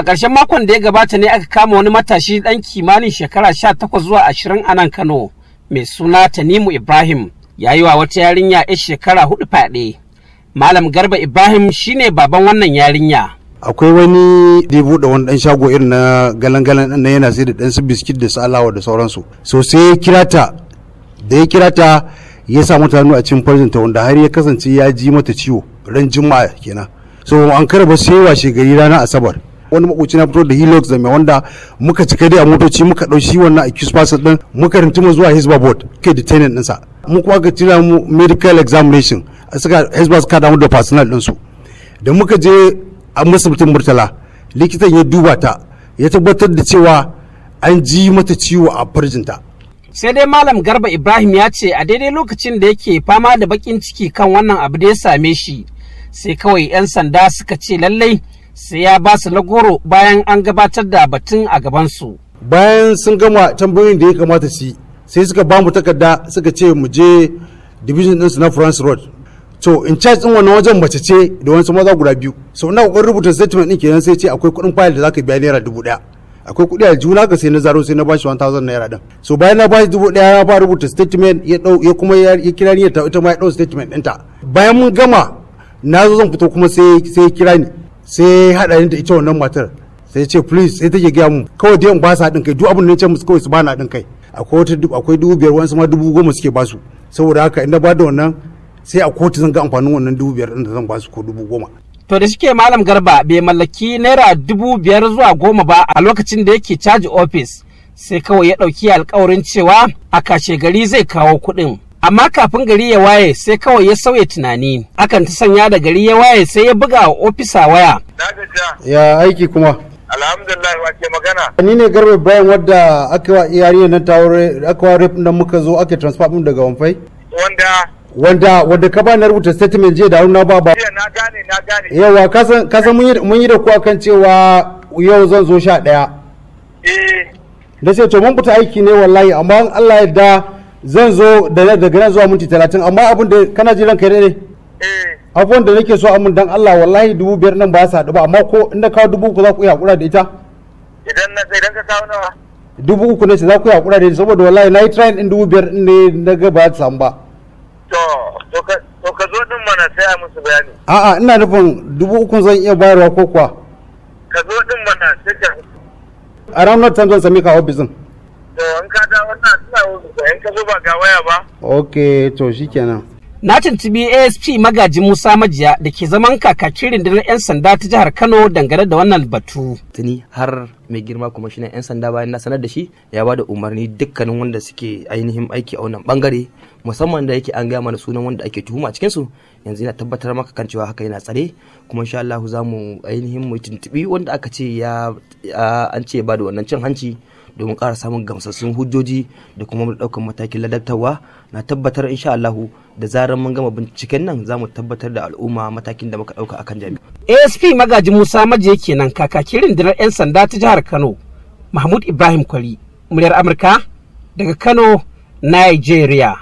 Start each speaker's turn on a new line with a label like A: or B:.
A: A ƙarshen makon da ya gabata ne aka kama wani matashi ɗan kimanin shekara sha takwas zuwa ashirin a nan Kano mai suna Tanimu Ibrahim ya yi wa wata yarinya ya shekara hudu fyaɗe. Malam Garba Ibrahim shine baban wannan yarinya.
B: Akwai wani da buɗe wani dan shago irin na galan-galan na yana sai da ɗan su biskit da su alawa da sauransu. So sai ya kira ta da ya kira ta ya sa mata hannu a cikin farjinta wanda har ya kasance ya ji mata ciwo ran jima'a kenan. So an karba sai washe gari rana asabar. wani makoci na fito da hilux da mai wanda muka cika dai a motoci muka dau shi wannan accused person din muka rinti mu zuwa hisba board ke detained ɗinsa mu kuma aka tira mu medical examination suka hisba suka damu da personal ɗinsu da muka je a masabtin murtala likitan ya duba ta ya tabbatar da cewa an ji mata ciwo a farjinta
A: sai dai malam garba ibrahim ya ce a daidai lokacin da yake fama da bakin ciki kan wannan abu da ya same shi sai kawai 'yan sanda suka ce lallai sai ya ba su lagoro bayan an gabatar da batun a gabansu.
B: Bayan sun gama tambayoyin da ya kamata su sai suka ba mu takarda suka ce mu je division ɗinsu na France Road. To in charge ɗin wannan wajen mace ce da wani maza guda biyu. So ina kokarin rubuta statement ɗin kenan sai ce akwai kuɗin fayil da zaka biya naira dubu ɗaya. akwai kuɗi a juna ka sai na zaro sai na bashi 1000 naira din so bayan na bashi dubu ɗaya ya ba rubuta statement ya ɗau ya kuma ya kira ni ta ita ma ya dau statement ɗinta bayan mun gama na zo zan fito kuma sai sai ya kira ni sai haɗa da ita wannan matar sai ce please sai take gaya mun kawai dai in ba su haɗin kai duk abin da ce musu kawai su ba haɗin kai akwai akwai dubu biyar wani ma dubu goma suke basu saboda haka in na ba da wannan sai a kotu zan ga amfanin wannan dubu biyar da zan basu ko dubu goma.
A: to da shike malam garba bai mallaki naira dubu biyar zuwa goma ba a lokacin da yake caji ofis sai kawai ya ɗauki alkawarin cewa a kashe gari zai kawo kuɗin. amma kafin gari ya waye sai kawai ya sauya tunani akan ta sanya da gari ya waye sai ya buga wa ofisa waya
B: ya aiki kuma alhamdulillah wa ke magana ni ne garba bayan wadda aka wa iyariya na tawar aka wa rep nan muka zo aka transfer mun daga wanfai wanda wanda wanda ka ba na rubuta statement jiya da haruna ba ba na gane na gane yawa kasan kasan mun yi da ku akan cewa yau zan zo sha daya eh da sai to mun fita aiki ne wallahi amma Allah ya yarda zan zo da daga nan zuwa minti talatin amma abin da kana jiran kai ne eh. abubuwan da nake so amin dan Allah wallahi dubu biyar nan ba sa haɗu ba amma ko inda kawo dubu uku za ku iya haƙura da ita idan na idan ka kawo nawa dubu uku ne za ku iya haƙura da ita saboda wallahi na yi trying din dubu biyar ne na ga ba samu ba to to ka zo din mana sai a musu bayani a'a ina nufin dubu uku zan iya bayarwa ko kuwa ka zo din mana sai ka a ranar Tanzan, sami ka ofisin Eh, to in Na tuntubi ASP magaji
A: Musa Majiya da ke zaman kakakin rundunar 'yan sanda ta jihar Kano dangane da wannan batu. Tuni har mai girma kuma shine yan sanda bayan na sanar da shi ya bada umarni dukkanin wanda suke ainihin aiki a wannan bangare musamman da yake an gaya mana sunan wanda ake tuhuma a cikinsu yanzu yana tabbatar maka kan cewa haka yana tsare kuma insha Allah za mu ainihin mu tuntubi wanda aka ce ya an ce ba da wannan cin hanci domin ƙara samun gamsassun hujjoji da kuma ɗaukar matakin ladattawa na tabbatar insha Allahu da zarar mun gama binciken nan za mu tabbatar da al'umma matakin da muka ɗauka akan jami'a. asp magaji musa maje kenan kakakin rundunar 'yan sanda ta jihar kano mahmud ibrahim kwari muryar amurka daga kano nigeria